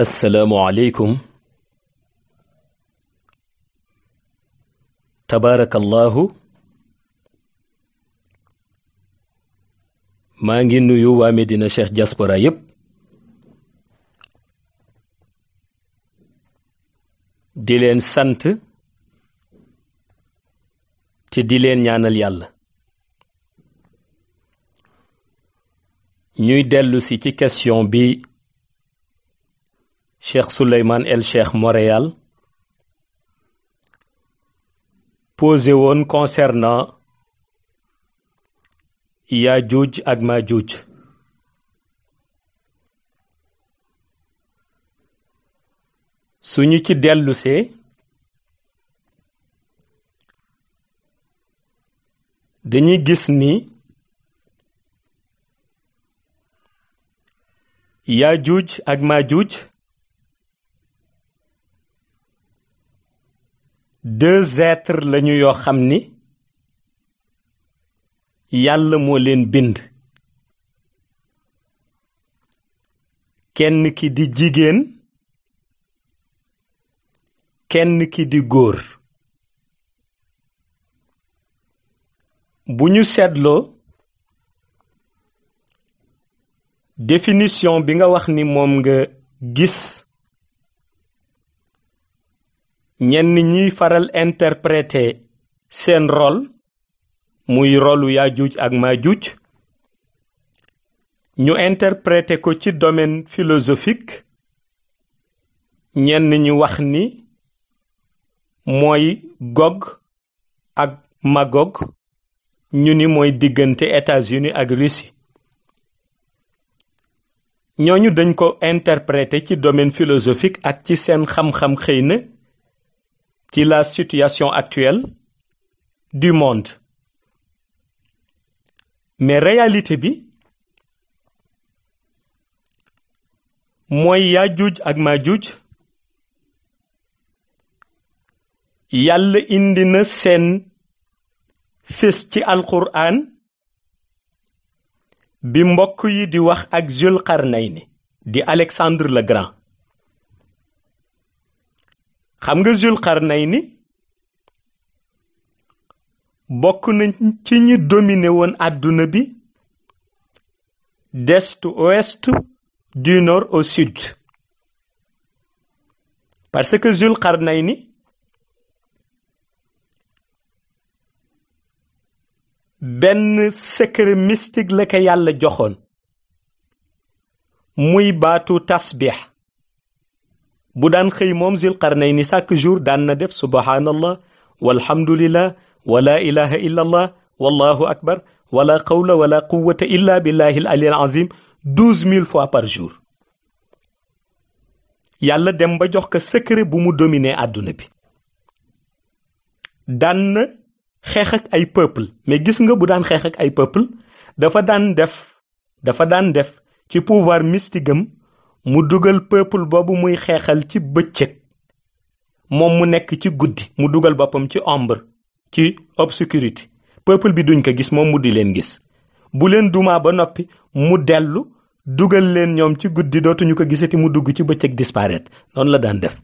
asalaamualeykum tabaarakallaahu maa ngi nuyu waa dina Cheikh diaspora yépp di leen sant te di leen ñaanal yàlla ñuy dellusi ci question bi Cheikh Souleymane El Cheikh Montréal posé woon concernant Yaajuuj ak Maajuuj suñu ci dellusee dañuy gis ni Yaajuuj ak Maajuuj deux êtres lañu yoo xam ni yàlla moo leen bind kenn ki di jigéen kenn ki di góor bu ñu seetloo définition bi nga wax ni moom nga gis ñenn ñuy faral interpreté seen rôle muy rolu Yaajuuj ak Maajuuj ñu interpréter ko ci domaine philosophique ñenn ñu wax ni mooy Gog ak Magog ñu ni mooy diggante États-Unis ak Russie ñooñu dañ ko interpreté ci domaine filosofique ak ci seen xam-xam xëy na ci la situation actuelle du monde mais réalité bi mooy Yaajuuj ak Maajuuj yàlla indi na seen fés ci alquran bi mbokk yi di wax ak Zulqarnayni di Alexandre le Grand xam nga Zulqarnayni bokk na ci ñi dominé woon àdduna bi d'est ouest du nord au sud parce que Zulqarnayni benn secret mystique la ko yàlla joxoon muy baatu tasbix bu daan xëy moom zil qarnay ni chaque jour daan na def subhaanallah walhamdulillah wala ilaha illa allah wallahu akbar wala qawla wala quwata illa billahi al ali al mille fois par jour yàlla dem ba jox ko secret bu mu dominer àdduna bi daan na xeex ay peuple mais gis nga bu daan xeex ay peuple dafa daan def dafa daan def ci pouvoir mystique mu dugal peuple boobu muy xeexal ci bëccëg moom mu nekk ci guddi mu dugal boppam ci ombre ci obscurité peuple bi duñ ko gis moom mu di leen gis bu leen dumaa ba noppi mu dellu dugal leen ñoom ci guddi dootuñu ko gisati mu dugg ci bëccëg disparaître noonu la daan def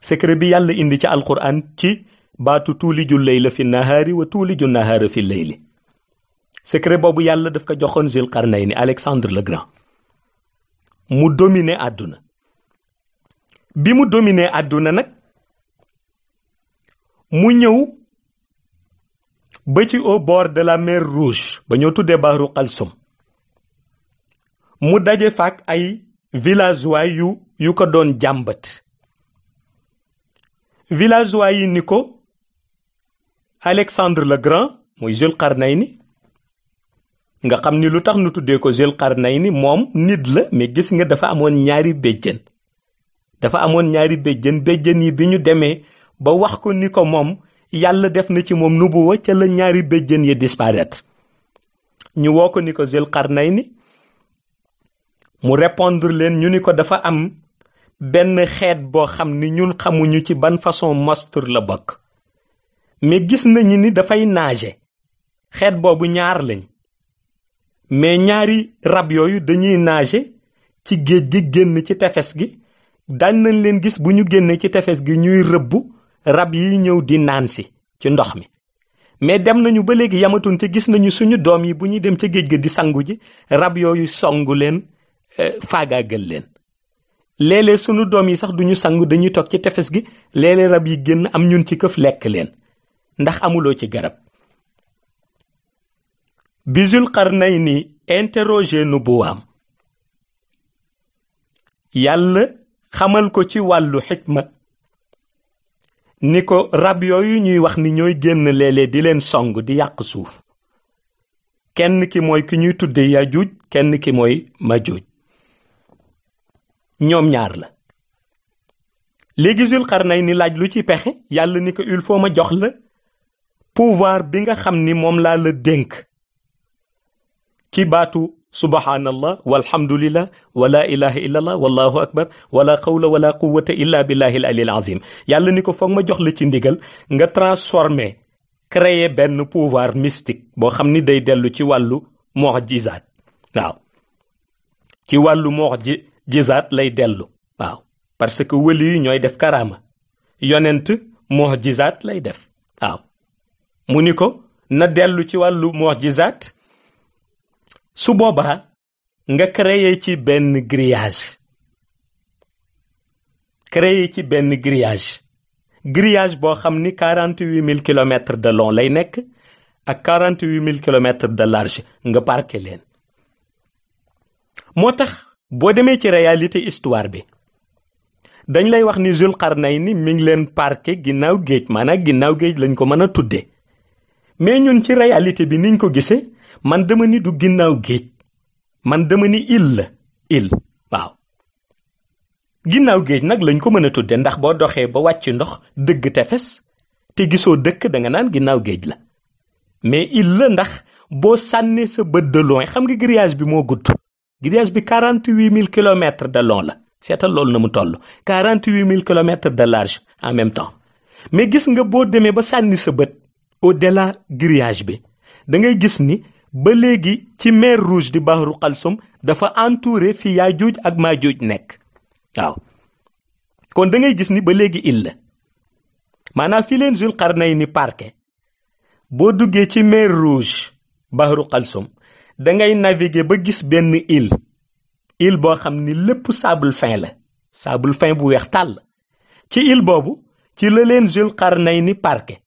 secret bi yàlla indi ci alquran ci baatu tuuliju layla fi nahaari wa tuuliju nahaara li layli secret boobu yàlla daf ko joxoon ni Alexandre le Grand mu dominer adduna bi mu dominer àdduna nag mu ñëw ba ci au bord de la mer Rouge ba ñoo tuddee Bahru Kalsum mu daje faak ay villageois yu yu ko doon jàmbat villageois yi ni ko Alexandre le Grand muy Zulqarnayni nga xam ni lu tax nu tuddee ko Zul ni moom nit la mais gis nga dafa amoon ñaari béjjën dafa amoon ñaari béjjën béjjën yi bi ñu demee ba wax ko ni ko moom yàlla def na ci moom nubuwa ca la ñaari béjjën yi disparaître ñu woo ko ni ko Zul ni mu répondre leen ñu ni ko dafa am benn xeet boo xam ni ñun xamuñu ci ban façon monstre la bokk mais gis nañu ni dafay nager xeet boobu ñaar lañ mais ñaari rab yooyu dañuy naaje ci géej gi génn ci tefes gi daan nañ leen gis bu ñu génnee ci tefes gi ñuy rëbb rab yi ñëw di naan si ci ndox mi mais dem nañu ba léegi yamatuñ ci gis nañu suñu doom yi bu ñuy dem ci géej ga di sangu ji rab yooyu songu leen euh, faagaagal leen léeg-léeg suñu doom yi sax duñu sangu dañuy toog ci tefes gi léeg rab yi génn am ñun ci këf lekk leen ndax amuloo ci garab bi Zulqarnayni interroger nubuwaam yàlla xamal ko ci wàllu xikma ni ko rab yooyu ñuy wax ni ñooy génn léeg di leen song di yàq suuf kenn ki mooy ki ñuy tudde juuj kenn ki mooy ma juuj ñoom ñaar la léegi xar ni laaj lu ci pexe yàlla ni ko il faut ma jox la pouvoir bi nga xam ni moom laa la dénk ci baatu subhanallah walhamdulillah wala ilaha illallah wallahu akbar wala xawla wala quwata illa billahi al alil azim yàlla ni ko foog ma jox la ci ndigal nga transformé créer benn pouvoir mystique boo xam ni day dellu ci wàllu mu'jizaat waaw ci wàllu mu'jizaat lay dellu waaw parce que wëli yi ñooy def karaama yonent mu'jizaat lay def waaw mu ni ko na dellu ci wàllu mu'jizaat su boobaa nga créer ci benn grillage créer ci benn grillage grillage boo xam ni quarante huit mille kilomètres de long lay nekk ak quarante huit mille kilomètres de large nga parqué leen moo tax boo demee ci réalité histoire bi dañ lay wax ni Zulqarnayni mi ngi leen parqué ginnaaw géej maanaam ginnaaw géej lañ ko mën a tuddee mais ñun ci réalité bi niñ ko gisee man dema ni du ginnaaw géej man dama ni île la île waaw ginnaaw géej nag lañ ko mën a tudde ndax boo doxee ba wàcc ndox dëgg tefes te gisoo dëkk da nga naan ginnaaw géej la mais île la ndax boo sànnee sa bët de loin xam nga grillage bi moo gudd grillage bi quarante huit mille kilomètres de long la seetal loolu na mu toll quarante huit mille kilomètres de large en même temps mais gis nga boo demee ba sànni sa bët au delà grillage bi da gis ni ba léegi ci mer rouge di bahru xalsum dafa entouré fi yaajuuj ak maajuuj nekk waaw kon da gis ni ba léegi il la maanaam fi leen Zul Qarnayni parqué boo duggee ci mer rouge bahru xalsum da ngay naviguer ba gis benn île île boo xam ni lépp sable fin la sable fin bu weex tàll ci île boobu ci la leen Zul Qarnayni parke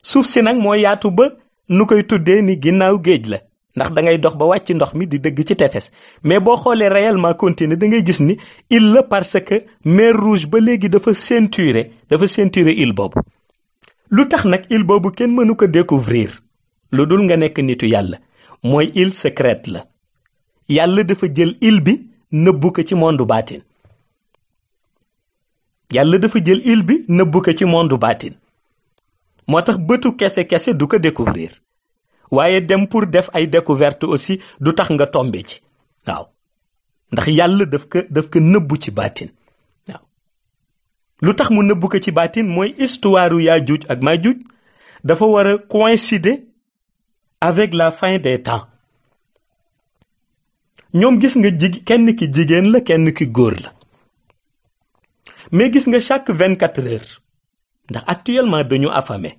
suuf si nag moo yaatu ba nu koy tuddee ni ginnaaw géej la ndax da ngay dox ba wàcc ndox mi di dëgg ci tefes mais boo xoolee réellement continuer dangay gis ni île la parce que mer rouge ba léegi dafa ceinturé dafa ceinturé île boobu lu tax nag île boobu kenn mënu ko découvrir lu dul nga nekk nitu yàlla mooy île secrète la yàlla dafa jël île bi nëbbu ko ci monde baatin yàlla dafa jël île bi nëbbu ko ci monde baatin moo tax bëtu kese kese du ko découvrir waaye dem pour def ay découverte aussi du tax nga tombe ci waaw ndax yàlla daf ko daf ko nëbbu ci baatin waaw lu tax mu nëbbu ko ci baatin mooy histoire yaa juuj ak maa juuj dafa war a coïncider avec la fin de temps ñoom gis nga jig kenn ki jigéen la kenn ki góor la mais gis nga chaque vingt-quatre heures ndax actuellement dañu affamé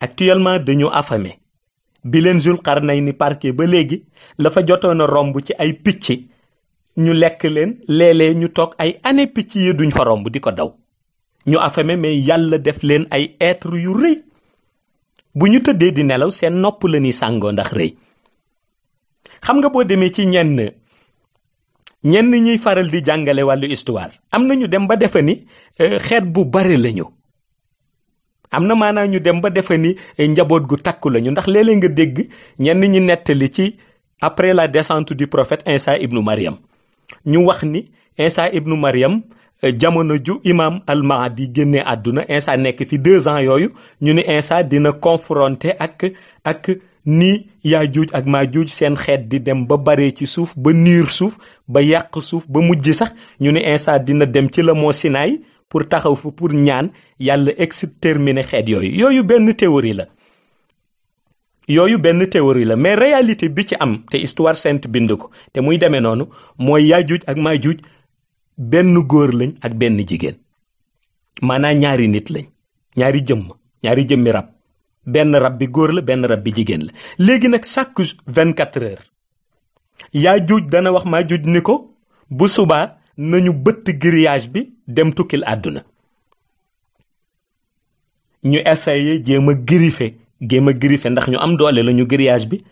actuellement dañu affamé bi leen Zulqarnayni parqué ba léegi lafa fa jotoon romb ci ay picc ñu lekk leen léeg ñu toog ay année picc yi duñ fa romb di ko daw ñu affamé mais yàlla def leen ay être yu rëy bu ñu tëddee di nelaw seen nopp la ñuy sàngoo ndax rëy xam nga boo demee ci ñenn ñenn ñuy faral di jàngale wàllu histoire am na ñu dem ba defe ni euh, xeet bu bare lañu am na maanaam ñu dem ba defe ni euh, njaboot gu takku lañu ndax léeg-léeg nga dégg ñenn ñu nettali ci après la descente du profet Insa ibnu Mariam ñu wax ni Insa ibnu Mariam euh, jamono ju imam al-Mahdi génnee àdduna Insa nekk fi deux ans yooyu ñu ni Insa dina confronter ak ak ni yaa juuj ak maa juuj seen xeet di dem ba baree ci suuf ba niir suuf ba yàq suuf ba mujj sax ñu ne insant dina dem ci la moo Sinaay pour taxaw fa pour ñaan yàlla exterminer xeet yooyu yooyu benn théorie la yooyu benn théorie la mais réalité bi ci am te histoire sainte bind ko te muy demee noonu mooy yaa juuj ak maa juuj benn góor lañ ak benn jigéen maanaa ñaari nit lañ ñaari jëmm ñaari jëmmi rab benn rab bi góor la benn rab bi jigéen la léegi nag chaque vingt quatre heures yaa juuj dana wax maa juuj ni ko bu subaa nañu bëtt grillage bi dem tukkil àdduna ñu essayé jéem a griffe jéem a griffe ndax ñu am doole la ñu grillage bi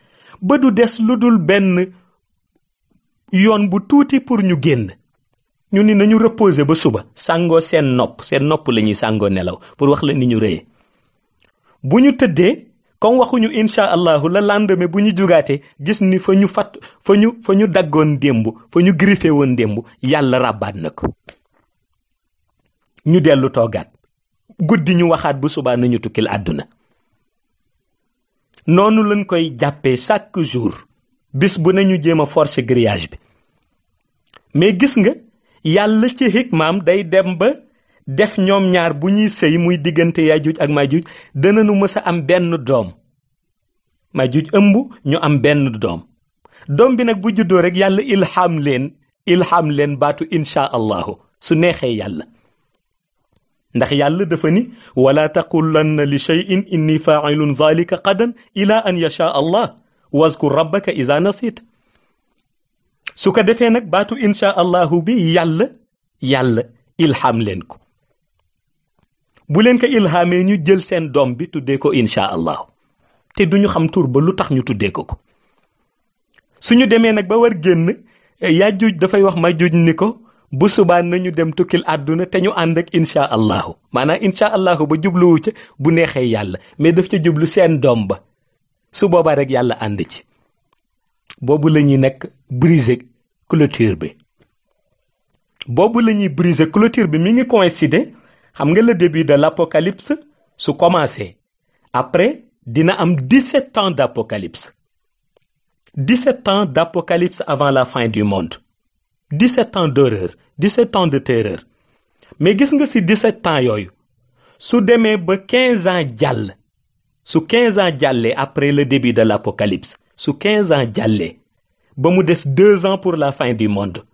ba du des lu dul benn yoon bu tuuti pour ñu génn ñu ni nañu reposer ba suba sàngoo seen nopp seen nopp la ñuy sàngoo nelaw pour wax la ni ñu rëyee bu ñu tëddee comme waxuñu incha allahu la lendemain bu ñu jugaatee gis ni fa ñu fatt fa ñu fa ñu daggoon démb fa ñu griffé woon démb yàlla ràbbaat na ko ñu dellu toggaat guddi ñu waxaat bu subaa nañu tukkil àdduna noonu lañ koy jàppee chaque jour bis bu nañu jéem a forcer grillage bi mais gis nga yàlla ci hikmaam day dem ba def ñoom ñaar bu ñuy sëy muy diggante yajuj ak majuj danañu mës am benn doom majuj ëmb ñu am benn doom doom bi nag bu juddoo rek yàlla ilham leen ilham leen baatu insha allahu su neexee yàlla ndax yàlla dafa ni wala taqulanna li cheyin inni failun zalika qadan ila an yasha allah wazkur rabbaka iza nasit su ko defee nag baatu insha allahu bi yàlla yàlla ilham leen ko bu leen ko ilhaamee ñu jël seen doom bi tuddee ko incha allah te du ñu xam tur ba lu tax ñu tuddee ko ko su ñu demee nag ba war génn yàjjuj dafay wax majuj ni ko bu subaa nañu dem tukkil àdduna te ñu ànd ak incha allahu maanaam incha allahu ba jubluwu ca bu neexee yàlla mais daf ca jublu seen doom ba su boobaa rek yàlla ànd ci boobu la ñuy nekk briser clôture bi boobu la ñuy briser clôture bi mu ngi coïncider xam nga le début de l'apocalypse su commencé après dina am 17 ans d'apocalypse 17 ans d'apocalypse avant la fin du monde 17 ans d'horreur 17 ans de terreur mais gis nga si ci 17 ans yooyu su demee ba 15 ans jàll su 15 ans jàllee après le début de l'apocalypse su 15 ans jàllee ba mu des deux ans pour la fin du monde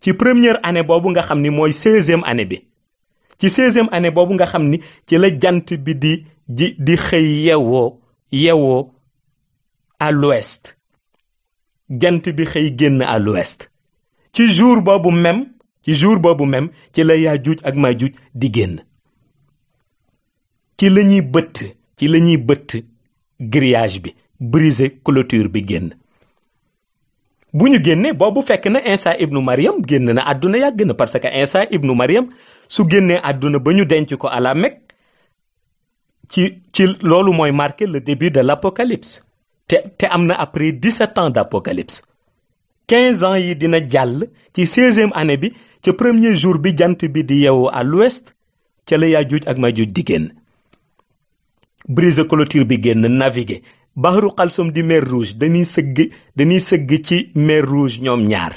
ci première année boobu nga xam ni mooy 16 année bi ci seizième année boobu nga xam ni ci la jant bi di di xëy yewoo yewoo à jant bi xëy génn à l'ouest ci jour boobu même ci jour boobu même ci la Yaajuuj ak Maajuuj di génn ci la ñuy bëtt ci la ñuy bëtt grillage bi briser clôture bi génn bu ñu génnee boobu fekk na Isa ibnu Mariam génn na adduna yàgg na parce que Isa ibnu Mariam su génnee adduna ba ñu denc ko à la Mecque ci ci loolu mooy marqué le début de l' apocalypse te te am na après 17 ans d' apocalypse 15 ans yi dina jàll ci 16e année bi ca premier jour bi jant bi di yeewu à l'ouest ca la Yaajuuj ak Maajuuj di génn brise clôture bi génn naviguer Bahru Kalsum di mer rouge dañuy sëgg dañuy sëgg ci mer rouge ñoom ñaar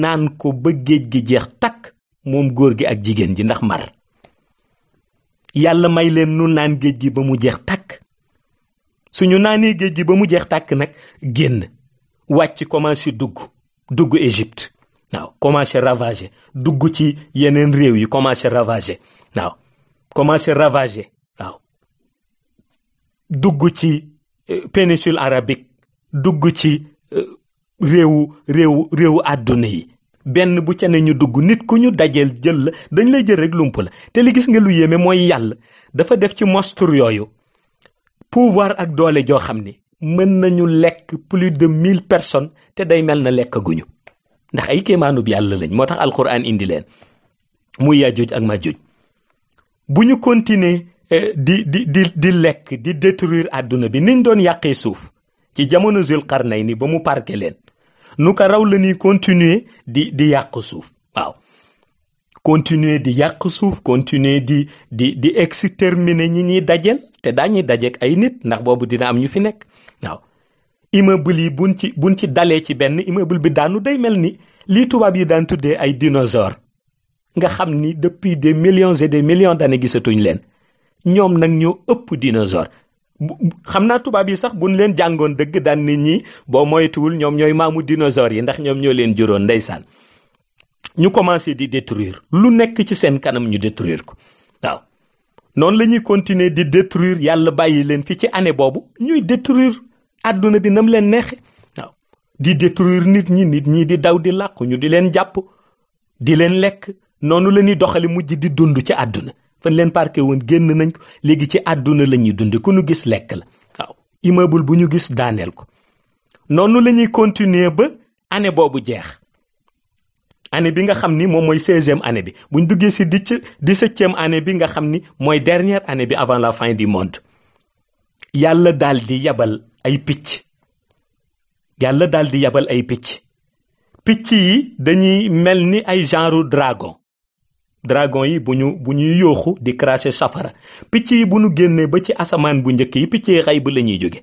naan ko ba géej gi jeex takk moom góor gi ak jigéen ji ndax mar yàlla may leen nu naan géej gi ba mu jeex takk suñu naanee géej gi ba mu jeex tàkk nag génn wàcc commencé dugg dugg Égypte waaw commencé ravager dugg ci yeneen réew yi commencé ravager waaw commencé ravager waaw dugg ci péninsule arabique dugg ci euh, réewu réewu réewu àdduna yi benn bu ca ne ñu dugg nit ku ñu dajeel jël la dañ lay jël rek lump la te li gis nga lu yéeme mooy yàlla dafa def ci monstre yooyu pouvoir ak doole joo xam ni mën nañu lekk plus de mille personnes te day mel na lekk guñu ndax ay kéemaanub yàlla lañ moo tax alxuraan indi leen muy yaajuj ak maajuj bu ñu continuer Eh, di di di di lekk di détruire àdduna bi niñ doon yàqee suuf ci jamono Zulqarnayni ba mu parke leen nu ko raw la ñuy continuer di di yàq suuf waaw continuer di yàq suuf continuer di di di exterminer ñi ñuy dajel te daañuy dajeek ay nit ndax boobu dina am ñu fi nekk waaw immeuble yi buñ ci buñ ci dalee ci benn immeuble bi daanu day mel ni lii tubaab yi daan tuddee ay dinosaures nga xam ni depuis des millions et des millions d'années gisatuñ leen ñoom nag ñoo ëpp dinosaure xam naa tubaab yi sax buñ leen jàngoon dëgg daan nit ñi boo moytuwul ñoom ñooy maamu dinosaures yi ndax ñoom ñoo leen juróon ndeysaan ñu commencé di détruire lu nekk ci seen kanam ñu détruire ko waaw noonu la ñuy continuer di détruire yàlla bàyyi leen fi ci année boobu ñuy détruire àdduna bi nam leen neexe waaw di détruire nit ñi nit ñi di daw di làqu ñu di leen jàpp di leen lekk noonu la ñuy doxali mujj di dund ci àdduna fan leen parqué woon génn nañ ko léegi ci àdduna la ñuy dunde ku nu gis lekk la waaw immeuble bu ñu gis daaneel ko noonu la ñuy continuer ba année boobu jeex année bi nga xam ni moom mooy seizième année bi bu ñu duggee si di dix-septième année bi nga xam ni mooy dernière année bi avant la fin du monde yàlla daal di yabal ay picc yàlla daal di yabal ay picc picc yi dañuy mel ni ay genre dragon dragon yi bu ñu bu ñuy yooxu di cracher safara picc yi bu ñu génnee ba ci asamaan bu njëkk yi picc xay bu la ñuy jóge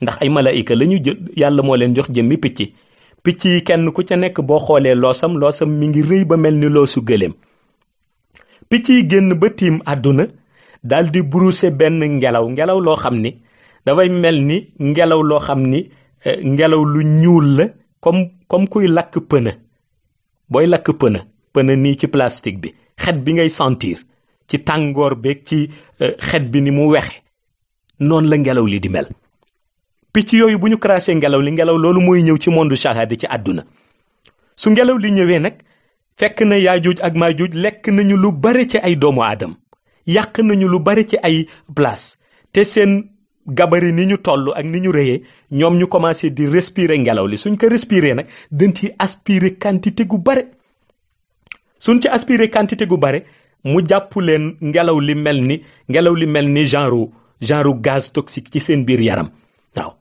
ndax ay malaayika la ñu jël yàlla moo leen jox jëmmi picc picc yi kenn ku ca nekk boo xoolee loosam loosam mi ngi rëy ba mel ni loosu gëléem picc yi génn ba tiim àdduna daal di brousse benn ngelaw ngelaw loo xam ni dafay mel ni ngelaw loo xam ni eh, ngelaw lu ñuul la comme kuy lakk pëna booy lakk pëna pëna nii ci plastique bi xet bi ngay sentir ci tàngoor beeg ci euh, xet bi ni mu wexe noonu la ngelaw li di mel picc yooyu bu ñu crasé ngelaw li ngelaw loolu mooy ñëw ci monde shahada ci àdduna su ngelaw li ñëwee nag fekk na yaajuuj ak maajuuj lekk nañu lu bare ci ay doomu aadam yàq nañu lu bare ci ay place te seen gabari ni ñu toll ak ni ñu rëyee ñoom ñu commencé di respirer ngelaw li suñ ko respirer nag dañ ci aspirer quantité gu bare suñ ci aspiré quantité gu bare mu jàpp leen ngelaw li mel ni ngelaw li mel ni genre genre gaz toxique ci seen biir yaram waaw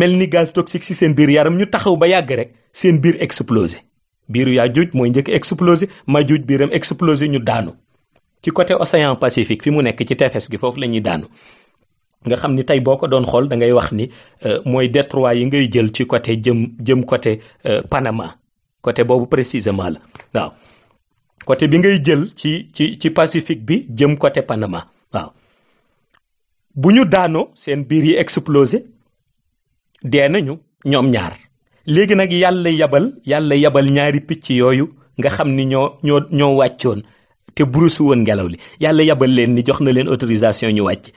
mel ni gaz toxique ci seen biir yaram ñu taxaw ba yàgg rek seen biir explosé biiru yaa juuj mooy njëkk explosé ma juuj biiram explosé ñu daanu ci côté océan Pacifique fi mu nekk ci tefes gi foofu la ñuy daanu nga xam ni tey boo ko doon xool da ngay wax ni euh, mooy détroit yi ngay jël ci côté jëm jëm côté euh, Panama côté boobu précisément la waaw côté bi ngay jël ci ci ci Pacifique bi jëm côté Panama waaw bu ñu daanoo seen biir yi explosé dee nañu ñoom ñaar léegi nag yàlla yabal yàlla yabal ñaari picc yooyu nga xam ni ñoo ñoo ñoo wàccoon te brousse woon ngelaw li yàlla yabal leen ni jox na leen autorisation ñu wàcc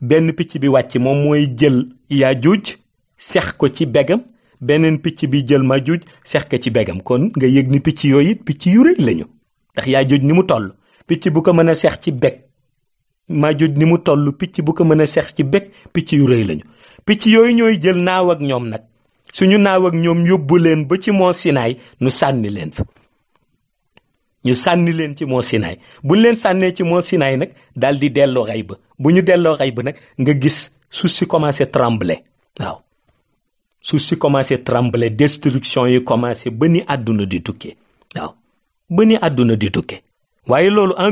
benn picc bi wàcc moom mooy jël yaa juuj sex ko ci begam beneen picc bi jël ma juuj seex ko ci begam kon nga yëg ni picc yooyu it picc yu rëy lañu ndax yaa juuj ni mu toll picc bu ko mën a seex ci beg maa ni mu toll picc bu ko mën a seex ci beg picc yu rëy lañu picc yooyu ñooy jël naaw ak ñoom nag suñu naaw ak ñoom yóbbu leen ba ci moo sinaay nu sànni leen fa ñu sànni leen ci moo sinaay buñ leen sànnee ci moo sinaay nag daal di delloo xay ba bu ñu delloo xay ba nag nga gis su si commencé trembler waaw su si commencé trembler destruction yi commencé ba ni àdduna di tukkee waaw ba ni àdduna di tukkee waaye loolu en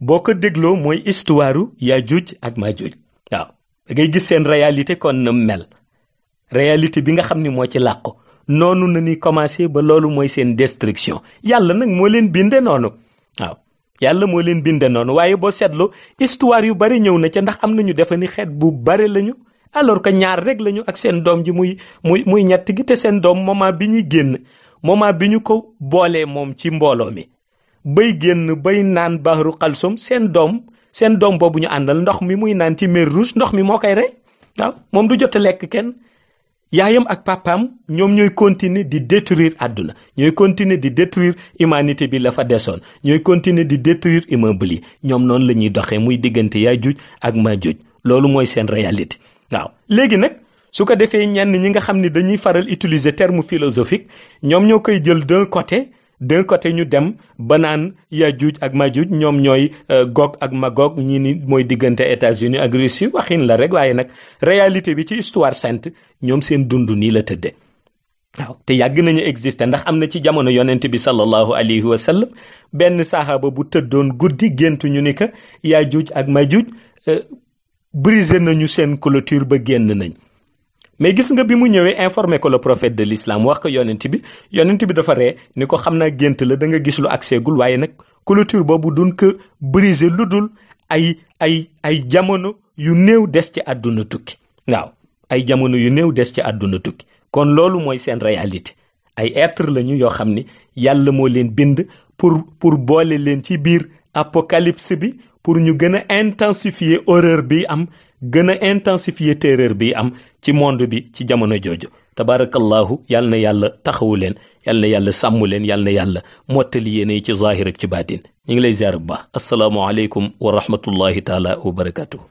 boo ko dégloo mooy histoire Yaajuuj ak Maajuuj waaw da ngay gis seen réalité kon na mel réalité bi nga xam ni moo ci làqu noonu na ni commencé ba loolu mooy seen destruction yàlla nag moo leen binde noonu waaw yàlla moo leen binde noonu waaye boo seetloo histoire yu bari ñëw na ca ndax am na ñu defa ni xeet bu bari lañu alors que ñaar rek lañu ak seen doom ji muy muy muy ñett gi te seen doom moment bi ñuy génn moment bi ñu ko boolee moom ci mbooloo mi bay génn bay naan baaru xalsum seen doom seen doom boobu ñu àndal ndox mi muy naan ci mer rouge ndox mi moo koy rey waaw moom du jot lekk kenn yaayam ak papaam ñoom ñooy continuer di détruire àdduna ñooy continuer di détruire humanité bi la fa desoon ñooy continuer di détruire immeuble yi ñoom noonu la ñuy doxee muy diggante Yaajuuj ak Maajuuj loolu mooy seen réalité waaw léegi nag su ko defee ñenn ñi nga xam ne dañuy faral utiliser terme philosophique ñoom ñoo koy jël d'un côté d'un côté ñu dem ba naan Yajuuj ak Majuuj ñoom ñooy euh, goog ak Magog ñii ni mooy diggante États-Unis ak Russie waxin la rek waaye nag réalité bi ci histoire sainte ñoom seen dund nii la tëddee waaw te yàgg nañu exister ndax am na ci jamono yonent bi sallallahu alayhi wa sallam benn saxaaba bu tëddoon guddi géntu ñu ni que Yajuuj ak Majuuj brisé nañu seen clôture ba génn nañ mais gis nga bi mu ñëwee informé ko le prophète de l'islam wax ko yonent bi yonent bi dafa ree ni ko xam naa gént la da nga gis lu accès gul waaye nag clôture boobu dun ko brisé lu dul ay ay ay jamono yu néew des ci àdduna tukki waaw ay jamono yu néew des ci àdduna tukki kon loolu mooy seen réalité ay être lañu yoo xam ni yàlla moo leen bind pour pour boole leen ci biir apocalypse bi pour ñu gën a intensifier horreur bi am gën a intensifier terreur bi am ci monde bi ci jamono jooju tabarakallahu yal na yàlla taxawu leen yal na yàlla sàmm leen yal yàlla mottali yéene ci zaahir ak ci baatin ñu ngi lay ziar bu baax asalaamualeykum wa rahmatullahi taala wa barakatuhu